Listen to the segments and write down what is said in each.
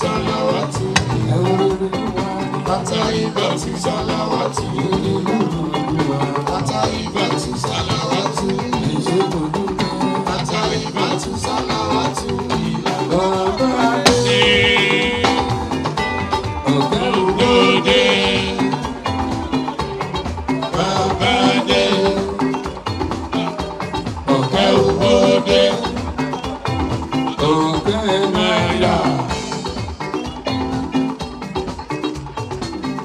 sálàwátì. Bàtà ìgbà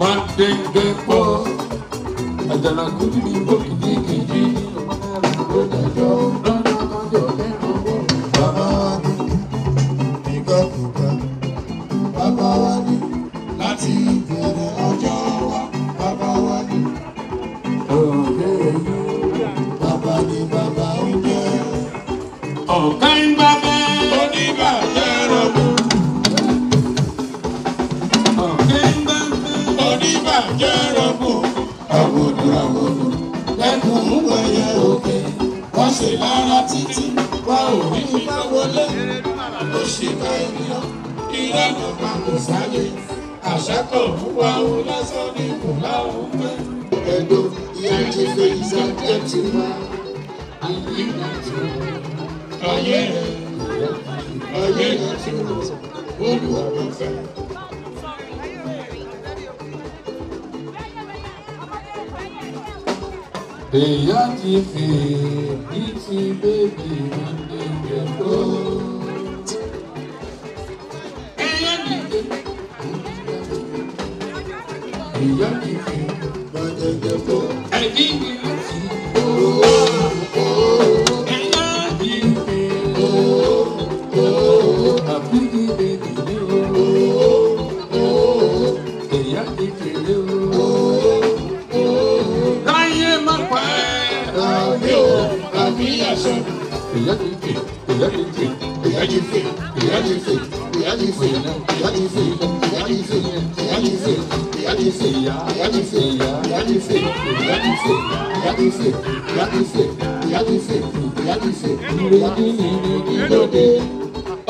mandende po àjàlá kò ní ìbò kìíní kejì ó dájọ́ lọ́dọ̀ kọjọ́ lẹ́rùn wò. bàbá wa ní ìgbà kúkà bàbá wa ni bàbá ń jẹ́. jẹ́rọ̀bù àwòdù àwòdù lẹ́kùn wọ̀nyẹ òkè wọ́n ṣe lára títí wọ́n ò rí iná wọlé ó ṣe ká ènìyàn ìrẹ́nà máa kò sáyé àṣàkọ̀ wúwa o lásán ní kò láwọn pẹ́. ẹ̀dọ́ ìyá ti fẹ́ ìṣá jẹ́ ti wá ayé láti wọ́n ayé rẹ̀ ayé láti wọ́n olùwàwọ̀ fẹ́. èèyàn ti fi ní ti bébì lóde ìjẹ́kó. èèyàn ti fi lóde ìjẹ́kó. ẹ̀dín ṣe. ìyá ti fè ìyá ti fè ìyá ti fè ìyá ti fè ìyá ti fè ìyá ti fè ìyá ti fè ìyá ti fè ìyá ti fè ìyá ti fè ìyá ti fè ìyá ti fè ìyá ti fè ìyá ti fè ìyá ti fè ìyá ti fè. ìrètí ni ìrètí lóde.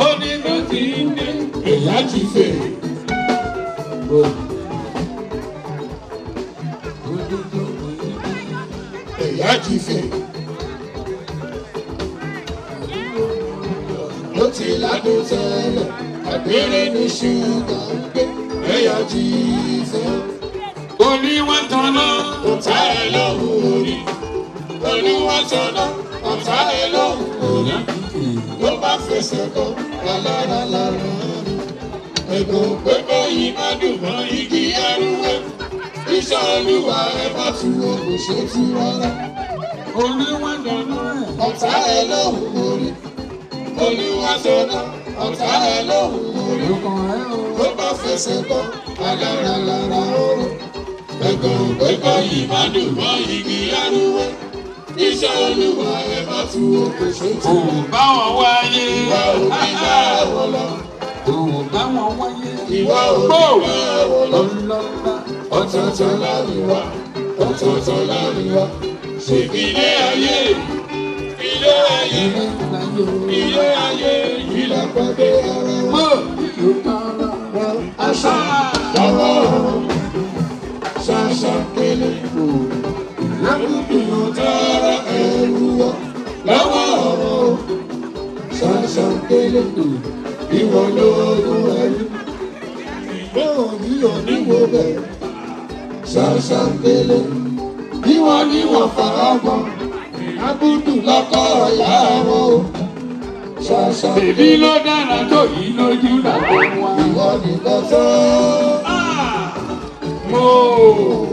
ó ní ló ti ń dé. ìyá ti fè. Ìyá ti fè. adúsẹ́lẹ̀ àbẹ̀rẹ̀ ní ṣúgà ń gbé ẹ̀yà jíìsẹ̀. oníwàtọ́nà ọ̀tá ẹ̀ lọ́hùn orí oníwàtọ́nà ọ̀tá ẹ̀ lọ́hùn orí ló bá fẹsẹ̀ kọ́ alára lára ẹ̀gùn igi arúgbó iṣẹ́ olúwa ẹ̀ bá tu oògùn ṣe tu rárá. oníwàtọ́nà ọ̀tá oníwàdọ́nà ọ̀tá ẹ lóhùn olùkọ́ ẹ o. tó bá fẹsẹ̀ tu òkè ṣètò. òun bá wọn wáyé. ìwà òbí bá wọn lọ. òun bá ọ̀tọ̀ọ̀tọ̀ láàrin wa ọ̀tọ̀ọ̀tọ̀ láàrin wa. ṣèbí ilé ayé ilé ayé lò. Ilé ayé ìlàpàdé ara wọn. Ìlú tara wọn àṣà lọ́wọ́. Ṣàṣà kele kò. Lákùnkùn tara ẹrú wọn lọ́wọ́. Ṣàṣà kele kò. Ìwọ lóògùn ẹrú. Ìgbóhùn mi ò bẹ́ẹ̀. Ṣàṣà kele kò bí wọ́n Abudu lọ́kọ̀ ìyá Bèbí ló dára tó yìí lójú làwọn wọn. Ah, mo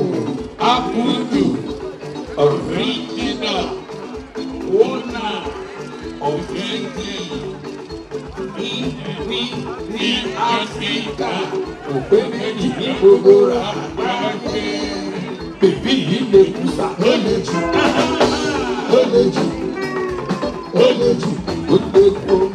Abudu original owner of Ẹ́ńjì ní ní ní Áfíríkà òpé méjì ní gbogbo rà bá ṣe. Bèbí yìí lè kú sá. Ó lè jù. Ó lè jù. Ó lè jù. O